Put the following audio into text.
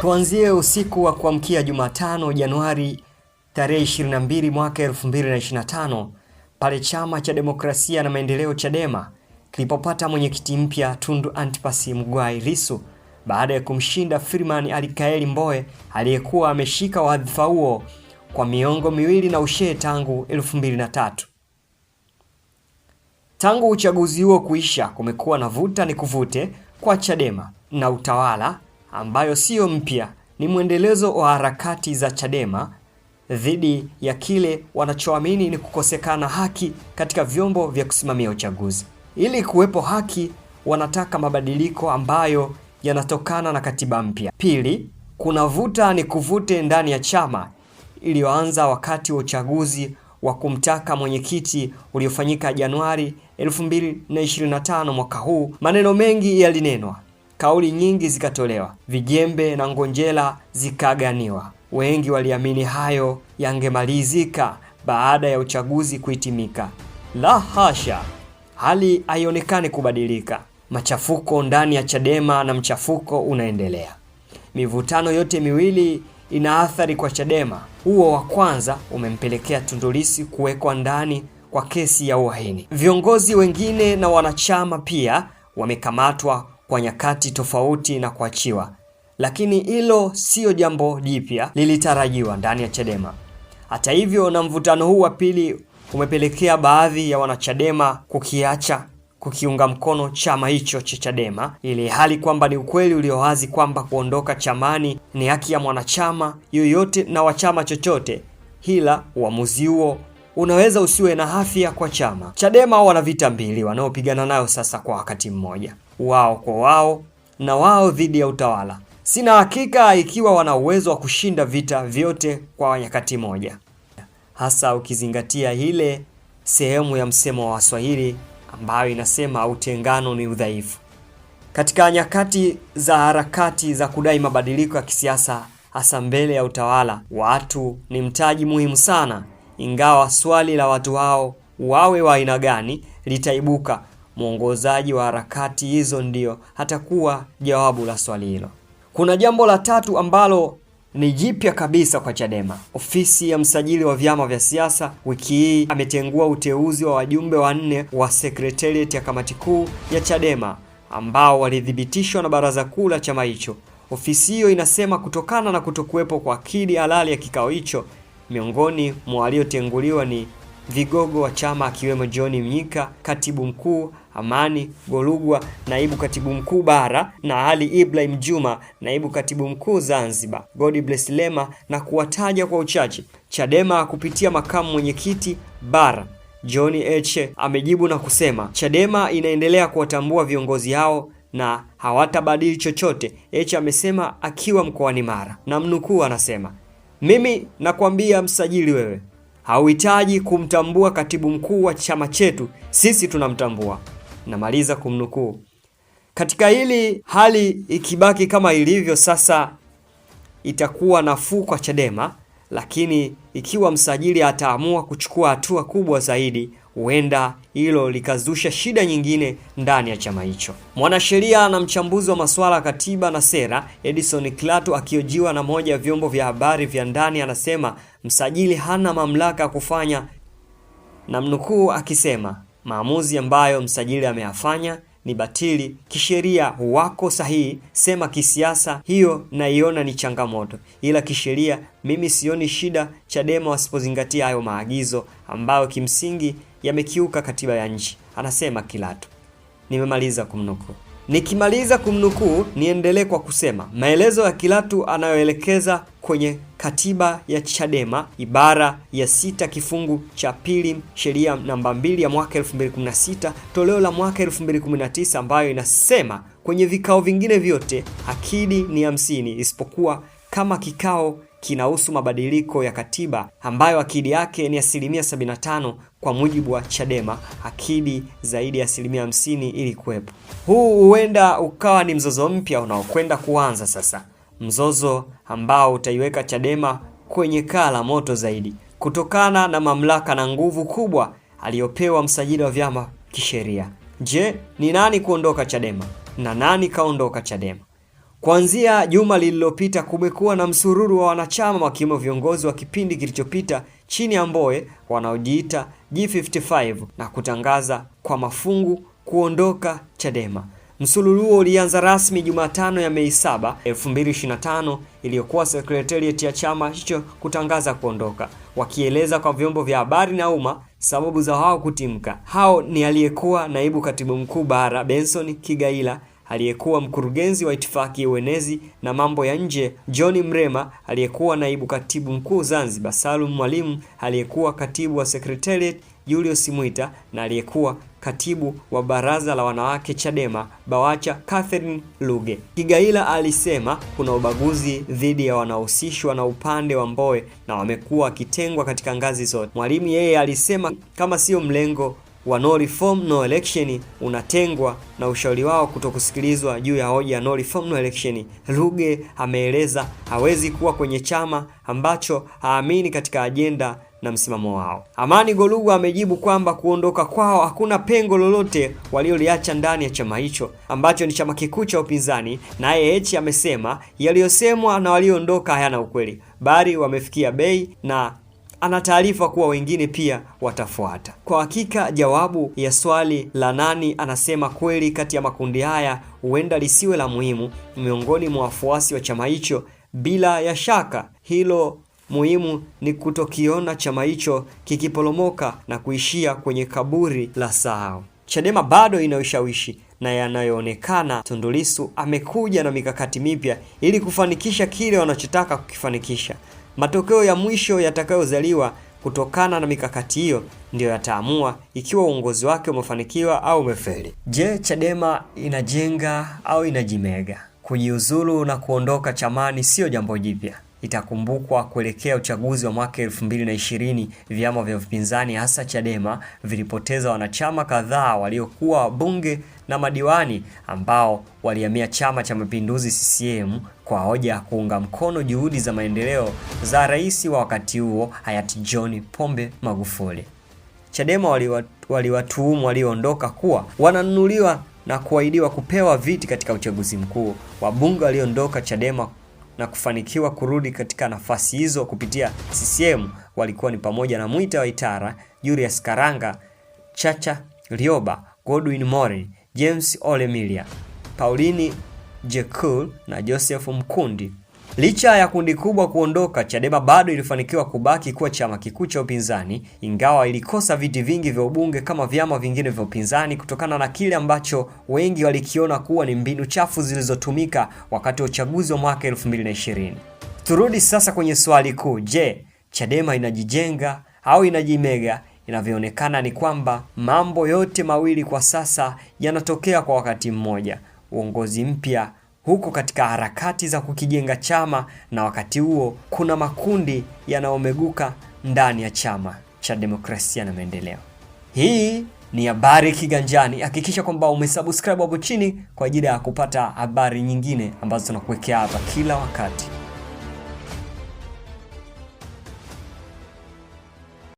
Tuanzie usiku wa kuamkia Jumatano Januari tarehe 22 mwaka 2025 pale Chama cha Demokrasia na Maendeleo Chadema kilipopata mwenyekiti mpya Tundu Antipas Mgwai Lissu baada ya kumshinda Freeman alikaeli Mbowe aliyekuwa ameshika wadhifa huo kwa miongo miwili na ushee tangu 2003. Tangu uchaguzi huo kuisha, kumekuwa na vuta ni kuvute kwa Chadema na utawala ambayo siyo mpya, ni mwendelezo wa harakati za Chadema dhidi ya kile wanachoamini ni kukosekana haki katika vyombo vya kusimamia uchaguzi. Ili kuwepo haki, wanataka mabadiliko ambayo yanatokana na katiba mpya. Pili, kuna vuta ni kuvute ndani ya chama iliyoanza wakati wa uchaguzi wa kumtaka mwenyekiti uliofanyika Januari 2025 mwaka huu. Maneno mengi yalinenwa kauli nyingi zikatolewa, vijembe na ngonjera zikaganiwa. Wengi waliamini hayo yangemalizika baada ya uchaguzi kuhitimika. La hasha, hali haionekani kubadilika. Machafuko ndani ya Chadema na mchafuko unaendelea. Mivutano yote miwili ina athari kwa Chadema. Huo wa kwanza umempelekea Tundu Lissu kuwekwa ndani kwa kesi ya uhaini. Viongozi wengine na wanachama pia wamekamatwa kwa nyakati tofauti na kuachiwa, lakini hilo siyo jambo jipya, lilitarajiwa ndani ya Chadema. Hata hivyo, na mvutano huu wa pili umepelekea baadhi ya wanachadema kukiacha kukiunga mkono chama hicho cha Chadema, ili hali kwamba ni ukweli ulio wazi kwamba kuondoka chamani ni haki ya mwanachama yoyote na wa chama chochote, hila uamuzi huo unaweza usiwe na afya kwa chama. Chadema wana vita mbili wanaopigana nayo sasa kwa wakati mmoja wao kwa wao na wao dhidi ya utawala. Sina hakika ikiwa wana uwezo wa kushinda vita vyote kwa nyakati moja, hasa ukizingatia ile sehemu ya msemo wa Waswahili ambayo inasema utengano ni udhaifu. Katika nyakati za harakati za kudai mabadiliko ya kisiasa, hasa mbele ya utawala, watu ni mtaji muhimu sana, ingawa swali la watu hao wawe wa aina gani litaibuka mwongozaji wa harakati hizo ndio hatakuwa jawabu la swali hilo. Kuna jambo la tatu ambalo ni jipya kabisa kwa Chadema. Ofisi ya msajili wa vyama vya siasa wiki hii ametengua uteuzi wa wajumbe wanne wa sekretarieti ya kamati kuu ya Chadema ambao walithibitishwa na baraza kuu la chama hicho. Ofisi hiyo inasema kutokana na kutokuwepo kwa akidi halali ya kikao hicho, miongoni mwa waliotenguliwa ni vigogo wa chama akiwemo John Mnyika, katibu mkuu Amani Golugwa, naibu katibu mkuu bara, na Ali Ibrahim Juma, naibu katibu mkuu Zanzibar, bless Lema na kuwataja kwa uchache. Chadema kupitia makamu mwenyekiti bara John Heche amejibu na kusema Chadema inaendelea kuwatambua viongozi hao na hawatabadili chochote. Heche amesema akiwa mkoani Mara, na mnukuu anasema, mimi nakwambia msajili wewe hauhitaji kumtambua katibu mkuu wa chama chetu, sisi tunamtambua. Namaliza kumnukuu. Katika hili hali ikibaki kama ilivyo sasa, itakuwa nafuu kwa Chadema, lakini ikiwa msajili ataamua kuchukua hatua kubwa zaidi, huenda hilo likazusha shida nyingine ndani ya chama hicho. Mwanasheria na mchambuzi wa masuala ya katiba na sera Edison Klato, akiojiwa na moja ya vyombo vya habari vya ndani, anasema msajili hana mamlaka ya kufanya, mnukuu akisema, maamuzi ambayo msajili ameyafanya ni batili kisheria, wako sahihi. Sema kisiasa, hiyo naiona ni changamoto, ila kisheria mimi sioni shida Chadema wasipozingatia hayo maagizo ambayo kimsingi yamekiuka katiba ya nchi, anasema Kilato. Nimemaliza kumnukuu. Nikimaliza kumnukuu, niendelee kwa kusema maelezo ya Kilatu anayoelekeza kwenye katiba ya Chadema ibara ya sita kifungu cha pili sheria namba mbili ya mwaka 2016 toleo la mwaka 2019 ambayo inasema kwenye vikao vingine vyote akidi ni hamsini isipokuwa kama kikao kinahusu mabadiliko ya katiba ambayo akidi yake ni asilimia 75 kwa mujibu wa Chadema, akidi zaidi ya asilimia 50 ili kuwepo. Huu huenda ukawa ni mzozo mpya unaokwenda kuanza sasa, mzozo ambao utaiweka Chadema kwenye kala moto zaidi kutokana na mamlaka na nguvu kubwa aliyopewa msajili wa vyama kisheria. Je, ni nani kuondoka Chadema na nani kaondoka Chadema? Kuanzia juma lililopita kumekuwa na msururu wa wanachama wakiwemo viongozi wa kipindi kilichopita chini ya Mbowe wanaojiita G55 na kutangaza kwa mafungu kuondoka Chadema msululu huo ulianza rasmi Jumatano ya Mei 7, 2025 iliyokuwa sekretarieti ya chama hicho kutangaza kuondoka, wakieleza kwa vyombo vya habari na umma sababu za wao kutimka. Hao ni aliyekuwa naibu katibu mkuu Bara Benson Kigaila, aliyekuwa mkurugenzi wa itifaki uenezi na mambo ya nje John Mrema, aliyekuwa naibu katibu mkuu Zanzibar Salum Mwalimu, aliyekuwa katibu wa sekretarieti Julius Mwita na aliyekuwa katibu wa baraza la wanawake Chadema Bawacha Catherine Luge. Kigaila alisema kuna ubaguzi dhidi ya wanaohusishwa na upande wa Mbowe na wamekuwa wakitengwa katika ngazi zote. Mwalimu yeye alisema kama sio mlengo wa no reform no election unatengwa na ushauri wao kutokusikilizwa juu ya hoja no reform no election. Luge ameeleza hawezi kuwa kwenye chama ambacho haamini katika ajenda na msimamo wao. Amani Golugwa amejibu kwamba kuondoka kwao hakuna pengo lolote walioliacha ndani ya chama hicho ambacho ni chama kikuu cha upinzani. Naye Heche amesema yaliyosemwa na walioondoka hayana ukweli, bali wamefikia bei na ana taarifa kuwa wengine pia watafuata. Kwa hakika, jawabu ya swali la nani anasema kweli kati ya makundi haya huenda lisiwe la muhimu miongoni mwa wafuasi wa chama hicho. Bila ya shaka hilo Muhimu ni kutokiona chama hicho kikiporomoka na kuishia kwenye kaburi la sahau. Chadema bado inayoshawishi na yanayoonekana, Tundu Lissu amekuja na mikakati mipya ili kufanikisha kile wanachotaka kukifanikisha. Matokeo ya mwisho yatakayozaliwa kutokana na mikakati hiyo ndiyo yataamua ikiwa uongozi wake umefanikiwa au umefeli. Je, Chadema inajenga au inajimega? Kujiuzulu na kuondoka chamani siyo jambo jipya. Itakumbukwa kuelekea uchaguzi wa mwaka 2020 vyama vya upinzani hasa Chadema vilipoteza wanachama kadhaa waliokuwa wabunge na madiwani ambao walihamia Chama cha Mapinduzi CCM kwa hoja ya kuunga mkono juhudi za maendeleo za rais wa wakati huo hayati John Pombe Magufuli. Chadema waliwatuhumu wali walioondoka kuwa wananunuliwa na kuahidiwa kupewa viti katika uchaguzi mkuu. Wabunge waliondoka Chadema na kufanikiwa kurudi katika nafasi hizo kupitia CCM walikuwa ni pamoja na Mwita Waitara, Julius Karanga, Chacha Rioba, Godwin Mori, James Olemilia, Paulini Jekul na Joseph Mkundi. Licha ya kundi kubwa kuondoka, Chadema bado ilifanikiwa kubaki kuwa chama kikuu cha upinzani, ingawa ilikosa viti vingi vya ubunge kama vyama vingine vya upinzani kutokana na kile ambacho wengi walikiona kuwa ni mbinu chafu zilizotumika wakati wa uchaguzi wa mwaka 2020. Turudi sasa kwenye swali kuu. Je, Chadema inajijenga au inajimega? Inavyoonekana ni kwamba mambo yote mawili kwa sasa yanatokea kwa wakati mmoja. Uongozi mpya huko katika harakati za kukijenga chama, na wakati huo kuna makundi yanayomeguka ndani ya chama cha demokrasia na maendeleo. Hii ni habari Kiganjani. Hakikisha kwamba umesubscribe hapo chini kwa ajili ya kupata habari nyingine ambazo tunakuwekea hapa kila wakati.